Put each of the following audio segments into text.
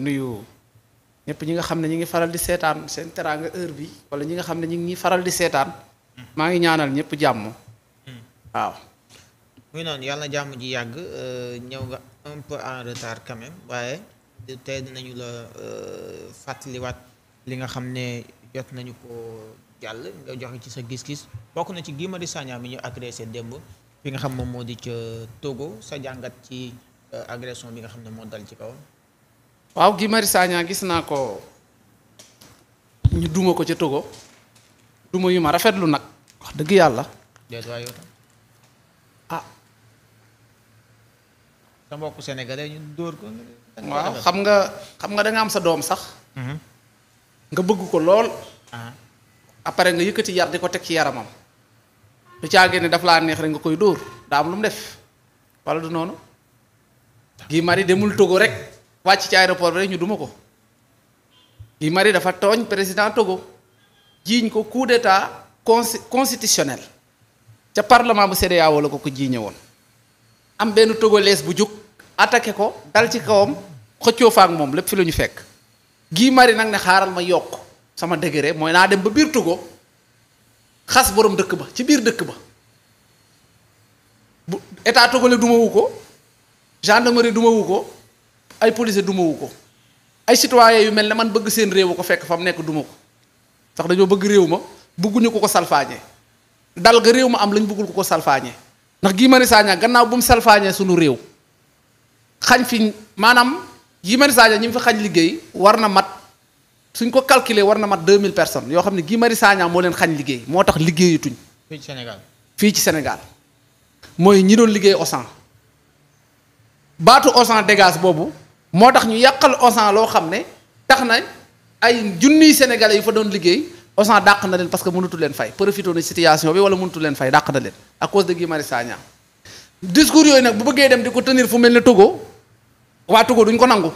nuyu ñëpp ñi nga xam ne ñi ngi faral di seetaan seen teraanga heure bi wala ñi nga xam ne ñi ngi faral di seetaan mm. maa ngi ñaanal ñëpp jàmm mm. waaw muy yàlla na jàmm ji yàgg euh, ñëw nga un peu en waaye tey dinañu la euh, fàttaliwaat li nga xam ne jot nañu ko jàll nga joxe ci sa gis-gis bokk na ci Guy Marius Sagna mi ñu agressé démb fi nga xam moom moo di ca Togo sa jàngat ci euh, agression bi nga xam ne moo dal ci kaw waaw Guy Marius Sagna gis naa ko ñu duma ko ca Togo duma yu ma rafetlu nag wax dëgg yàlla. ah. sa mbokku sénégalais ñu waaw xam nga xam nga danga am sa doom sax. Mhm. nga bëgg ko lool. Ah. après nga yëkkati yar di ko teg ci yaramam. du caagee ne daf laa neex rek nga koy dóor daa am lu def wala du noonu. Guy Marius demul Togo rek. wàcc ci aéroport bi rek ñu duma ko Guy mari dafa tooñ président Togo jiiñ ko coup d'état constitutionnel ca parlement bu CEDEAO la ko ko jiiñe woon am benn togolais bu jóg attaqué ko dal ci kawam xëccoo faak moom lépp fi la fekk gii mari nag ne xaaral ma yokk sama degré mooy naa dem ba biir Togo xas borom dëkk ba ci biir dëkk ba bu état togolais dumawu ko gendarmerie dumawu ko ay policier dumawu ko ay citoyen yu mel ne man bëgg seen réew ko fekk fa mu nekk duma ko sax dañoo bëgg réew ma bëgguñu ko ko salfaañe dal ga réew ma am lañ bëggul ko ko salfaañe ndax Guy Marius Sagna gannaaw bu mu salfaañee sunu réew xañ fi maanaam Guy Marius Sagna ñi mu fi xañ liggéey war na mat suñ ko calculer war na mat 2000 personnes yoo xam ne Guy Marius Sagna moo leen xañ liggéey moo tax liggéeyatuñ. fii Sénégal fii ci Sénégal mooy ñi doon liggéey Auchan baatu Auchan dégage boobu. moo tax ñu yàqal Auchan loo xam ne tax na ay junniy sénégalais yu fa doon liggéey Auchan dàq na leen parce que mënutu leen fay profité na situation bi wala mënutu leen fay dàq na leen à cause de Guy Marius Sagna discours yooyu nag bu bëggee dem di ko tenir fu mel ne Togo waa Togo duñ ko nangu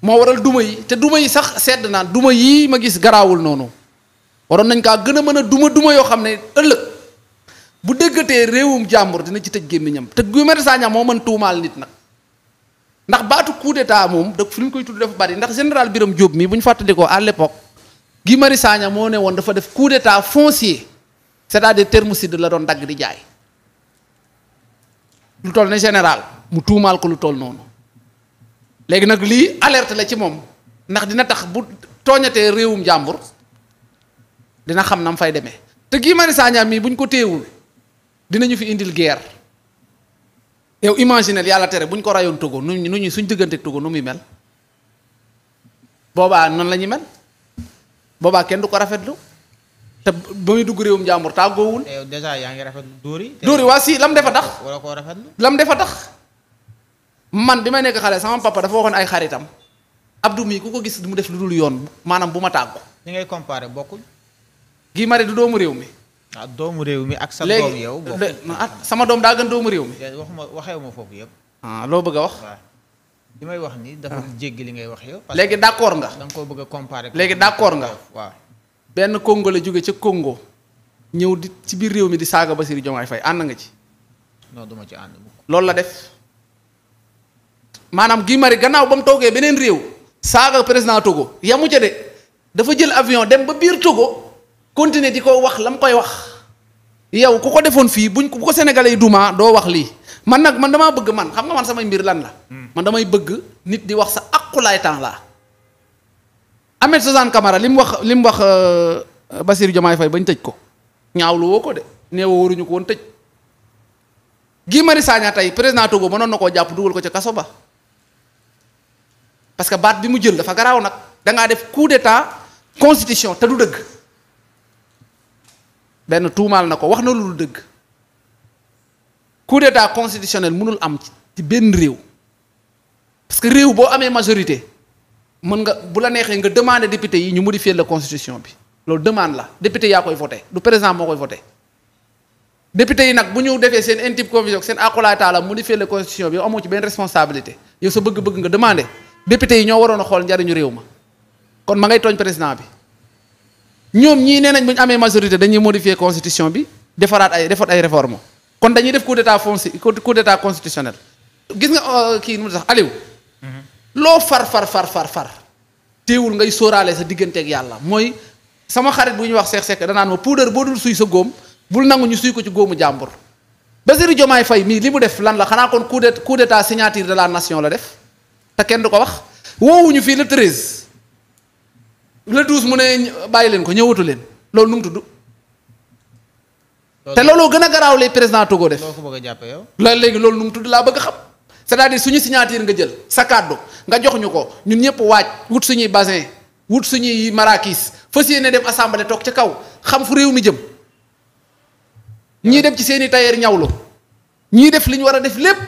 moo waral duma yi te duma yi sax sedd naan duma yii ma gis garaawul noonu waroon nañ kaa gën a mën a duma duma yoo xam ne ëllëg bu déggatee réewum jàmbur dina ci tëj gémmiñam te Guy Marius moo mën tuumaal nit nag ndax baatu coup moom da fi ñu koy tudd dafa bari ndax général Birame Diop mii bu ñu fàttalikoo à l'époque Guy Marius Sagna moo ne woon dafa def coup d'état foncier c'est-à-dire Thermocide la doon dagg di jaay lu toll ne général mu tuumaal ko lu toll noonu léegi nag lii alerte la ci moom ndax dina tax bu tooñatee réewum jàmbur dina xam na mu fay demee te Guy Marius Sagna mii bu ñu ko téewul dinañu fi indil guerre yow imaginel yàlla tere bu ñu ko rayoon Togo nu ñu suñ diggante Togo nu muy mel boobaa noonu la ñuy mel boobaa kenn du ko rafetlu te ba muy dugg réewum jàmbur tàggoowul. yow eh, dèjà yaa ngi rafetlu dóor yi. dóor si lam defa tax. wala koo rafetlu lam defa tax. man bi may nekk xale sama papa dafa waxoon ay xaritam Abdou mii ku ko gis mu def lu dul yoon maanaam bu ma tàggu. ni ngay comparé bokkul. Guy Marius du doomu réew mi. ah doomu réew mi ak sa doom yow. léegi ah, sama doom daa réew mi. Eh, waxuma waxeewu ma foofu yëpp. ah loo bëgg a wax. li may wax ni dafa ah. jéggi li ngay wax yow. léegi d' accord nga. da koo bëgg a comparer. léegi d' accord nga. waaw benn Congo la jóge ca kongo ñëw di ci biir réew mi di saaga Bassirou Diomaye fay ànd nga ci. non duma ci ànd. loolu la def maanaam Guy Marius gannaaw ba mu toogee beneen réew. saaga président Togo yamu ca de dafa jël avion dem ba biir Togo. continuer di ko wax la mu koy wax yow ku ko defoon fii buñ bu ko sénégalais yi duma doo wax lii man nag man damaa bëgg man xam nga man samay mbir lan la hmm. man damay bëgg nit di wax sa aqulaay temps la Ahmed Suzanne Camara li mu wax li mu wax euh, Bassirou Diomaye Faye bañ tëj ko ñaawlu woo ko de neewa waruñu ko woon tëj Guy Marius Sagna tey président Togo mënoon na koo jàpp dugal ko ca kaso ba parce que baat bi mu jël dafa garaaw nag dangaa def coup d'état constitution te benn tuumaal na ko wax na lu dëgg coup d'état constitutionnel mënul am ci benn réew parce que réew boo amee majorité mën nga bu la neexee nga demander député yi ñu modifier la constitution bi loolu demande la député yaa koy voté du président moo koy voté député yi nag bu ñu defee seen intime conviction seen akulaay taala modifier la constitution bi amoo ci benn responsabilité yow sa bëgg-bëgg nga demandé député yi ñoo waroon a xool njariñu réew ma kon ma ngay tooñ président bi ñoom ñii nee nañ bu ñu amee majorité dañuy modifier constitution bi defaraat ay defaat ay réforme kon dañuy def coup d'état foncier coup d'état constitutionnel gis nga euh, kii nu mu sax Aliou mhm. loo far far far far far teewul ngay sóoraale sa digganteeg yàlla mooy sama xarit bu ñuy wax seex sekk danaan ma puudar boo dul suy sa góom bul nangu ñu suy ko ci góomu jàmbur Bassirou Diomaye fay mii li mu def lan la xanaa kon coup d'état signature de la nation la def te kenn du ko wax woowuñu fii le treize le douze mu ne bàyyi leen ko ñëwatu leen loolu nu mu tudd. te looloo gën a garaaw les président Togo def. loo ko bëgg a jàppe yow. la léegi loolu nu mu tudd laa bëgg xam. c'est-à-dire suñu signature nga jël sa kàddu nga jox ñu ko ñun ñëpp waaj wut suñuy basin wut suñuy marakis fas yéene dem assemblée toog ci kaw xam fu réew mi jëm. ñii dem ci seen i tailleur ñawlu ñii def li ñu war a def lépp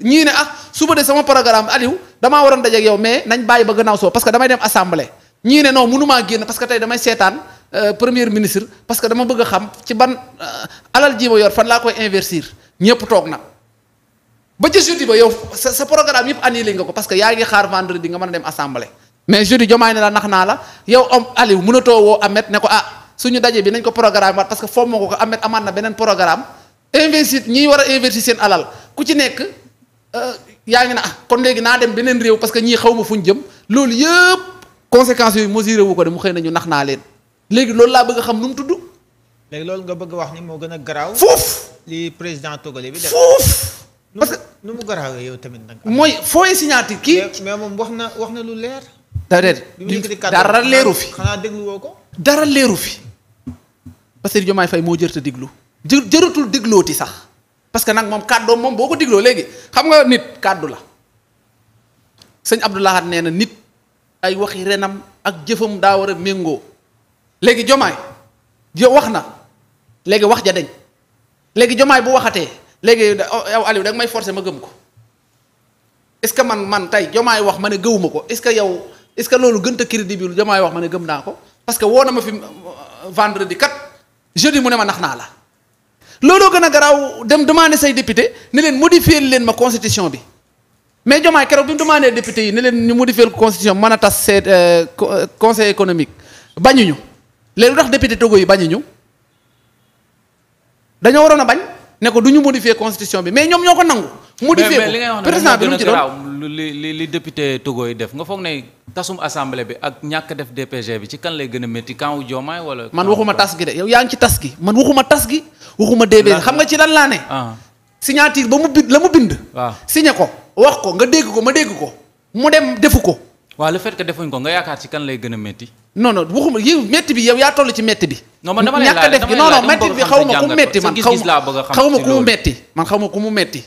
ñii ne ah suba de sama programme Aliou damaa waroon dajeeg yow mais nañ bàyyi ba gannaaw soo parce que damay dem assemblée. ñii ne non mënumaa génn parce que tey damay seetaan euh, premier ministre parce dama bëgg a xam ci ban euh, alal ji ma yor fan laa koy investir ñëpp toog na ba ci jeudi ba yow sa sa programme yëpp annulé nga ko parce que yaa ngi xaar vendredi nga mën a dem assemblée. mais naa la yow am Aliou mënatoo woo Ahmed ne ko ah suñu daje bi nañ ko programme waat parce que foog ma ko ko Ahmed amaat na beneen programme investir ñi war a investir seen alal ku ci nekk euh, yaa ngi ne ah kon léegi naa dem beneen réew parce que ñii xaw ma fu ñu jëm conséquences yooyu mesuré wu ko de mu xëy na ñu nax naa leen léegi loolu laa bëgg a xam nu mu tudd. léegi loolu nga bëgg wax ni moo gën a garaaw. foofu li président togolais bi def foofu. parce que nu mu yow tamit nag. mooy fooy signature kii. mais moom wax na wax na lu leer. dara leeru fi. xanaa déglu woo ko. dara leeru fi. Bassirou Diomaye Faye moo jërta diglu jë jëratul diglooti sax parce que nag moom kàddoom moom boo ko digloo léegi xam nga nit kàddu la sëñ Abdoulahat nee na nit. ay waxi renam ak jëfam daa war a méngoo léegi jomaay jo wax na léegi wax ja deñ léegi jomaay bu waxatee léegi yow Aliou da nga may forcer ma gëm ko est-ce que man man tey jomaay wax ma ne gëwuma ko est-ce que yow est-ce loolu gën a crédible jomaay wax ma ne gëm naa ko parce que woo na ma fi euh, vendredi kat jeudi mu ne ma nax naa la looloo gën a garaaw dem demander say député ni leen modifier leen ma constitution bi mais Diomaye keroog bi mu demandé député yi ne leen ñu modifier constitution mën a tas seet euh, euh, conseil économique bañuñu léegi lu tax député Togo yi bañuñu dañoo waroon a bañ ne ko du ñu modifier constitution bi mais ñoom ñoo ko nangu. modifier ko président bi lu ci doon li li yi def nga foog ne tasum assemble bi ak ñàkk def DPG bi ci kan lay gën a métti kan wu Diomaye wala. man waxuma tas gi de yow yaa ngi ci tas gi man waxuma tas gi. waxuma DPG xam nga ci lan laa ne. Ah. signature ba mu bind la mu bind. waaw ah. signé ko. wax ko nga dégg ko ma dégg ko mu dem defu ko. waaw le fait defuñ ko nga yaakaar ci kan lay gën a métti. non non waxuma yi métti bi yow yaa toll ci métti bi. non man dama lay laaj def non non métti bi xaw ma ku mu métti man xaw ma xaw ma ku mu métti man xaw ma ku mu métti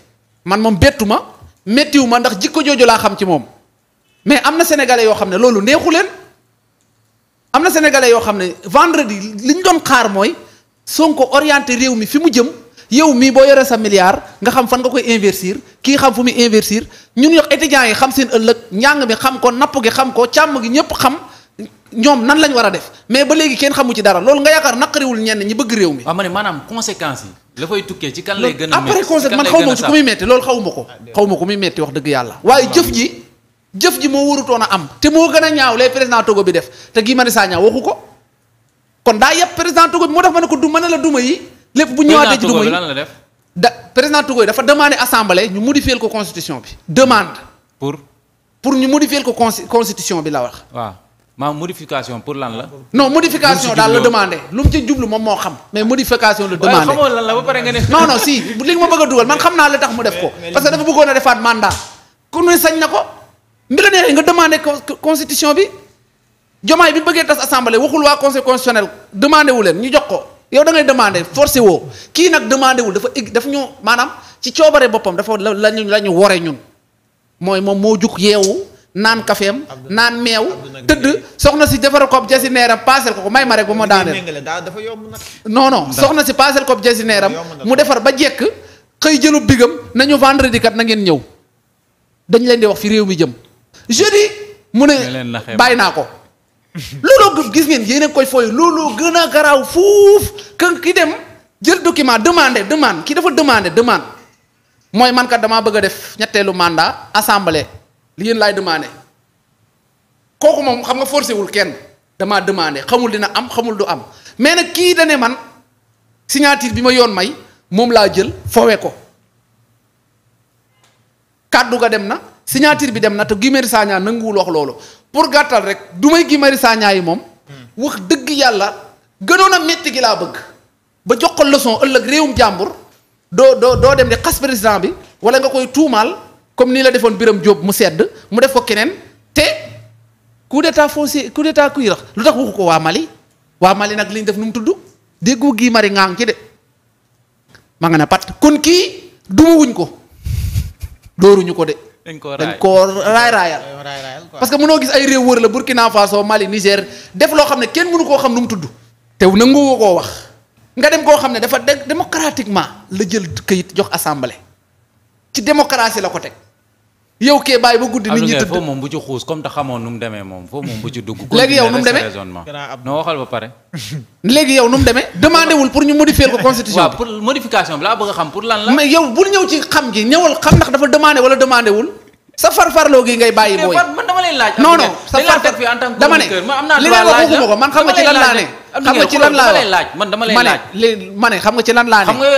man moom bettu ma méttiwu ma ndax jikko jooju laa xam ci moom mais am na sénégalais yoo xam ne loolu neexu leen am na sénégalais yoo xam ne vendredi liñ doon xaar mooy ko orienté réew mi fi mu jëm. yow mii boo yore sa milliard nga xam fan nga koy investir kii xam fu muy ñu ñun yox étudiants yi xam seen ëllëg njàng mi xam ko napp gi xam ko càmm gi ñëpp xam ñoom nan lañ war a def mais ba léegi kenn xamu ci dara loolu nga yaakaar naqariwul ñenn ñi bëgg réew mi. waaw ma ne maanaam conséquences yi. la fay tukkee ci a après conséquence man muy metti loolu xaw ko. Ah, xaw ma ku muy metti wax dëgg yàlla. waaye jëf ji jëf ji moo warutoon a am. te moo gën a ñaaw lay président Togo bi def te Guy saa Sagna waxu ko kon daa yëpp président Togo bi moo tax ma ne ko du ma ne la duma yi lépp bu ñëwaatee ci duma yi lan la def. da président Togo yi dafa demandé assemblée ñu modifier ko constitution bi demande. pour pour ñu modifier ko constitution bi la wax. waaw ma modification pour lan la. non modification daal la demandé lu mu ci jublu moom moo xam. mais modification la demandé waaye xamoo lan la ba pare nga ne. non si li nga ma bëgg a dugal man xam naa li tax mu def ko. parce que dafa bëggoon a defaat mandat. ku ne sañ na ko. bi la neexee nga demandé constitution bi. jomaay bi bëggee tas assemblée waa conseil constitutionnel demandé wu leen ñu jox ko. yow da ngay demandé forcé woo kii nag demandé wul dafa daf ñu maanaam ci coobare boppam dafa la ñu la ñu wore ñun mooy moom moo jug yeewu naan kafeem naan meew tëdd soxna si defar ko ab jasineeram paasel ko ko may ma rek ba ma daaneel dafa yomb nag non non soxna si paasel ko ab jasineeram mu defar ba jekk xëy jëlu bigam nañu vendredi kat na ngeen ñëw dañ leen di wax fi réew mi jëm jeudi mu ne bàyyi naa ko looloo gis ngeen yéen a koy fooy looloo gën a garaaw fuuf que ki dem jël document demandé demande kii dafa demandé demande mooy man kat damaa bëgg a def ñetteelu mandat assemblée li laay demandé kooku moom xam nga forcé wul kenn damaa demandé xamul dina am xamul du am mais nag kii da man signature bi ma yoon may moom laa jël fowe ko kàddu ga dem na signature bi dem na te Guy Marius Sagna nanguwul wax loolu. pour gàttal rek du may Guy Marius Sagna yi moom. wax dëgg yàlla gënoon a métti gi laa bëgg. ba jox ko leçon ëllëg réewum jàmbur doo doo doo dem di xas président bi wala nga koy tuumaal comme nii la defoon biram Diop mu sedd mu def ko keneen te coup d'état foncier coup d'état kuy rax lu tax waxu ko waa Mali waa Mali nag li def nu mu tudd déggoo Guy Marius ngaa ngi ci de ma nga ne pat kon kii dumuwuñ ko dóoruñu ko de. dañ koo raay raayal parce que mënoo gis ay réew wër la Burkina Faso Mali Niger def loo xam ne kenn mënu koo xam lu mu tudd te nangu woo koo wax nga dem koo xam ne dafa démocratiquement la jël kayit jox assemblée ci démocratie la ko teg yow kee bàyyi ba guddi nit ñi tëdd foofu moom bu ci xuus comme te xamoon nu mu demee moom foofu moom bu ci dugg. léegi yow nu mu demee raisonnement non pour ñu modifier ko constitution bi. laa bëgg a xam pour lan la. mais bul ñëw ci xam gi ñëwal xam ndax dafa demandé wala demandé wul. sa farfarloo gi ngay bàyyi booy man laaj. sa farfar dama ne ngay wax waxuma ko man xam nga ci lan laa ne. xam nga ci lan man dama lay laaj. ma ne xam nga ci lan laa ne.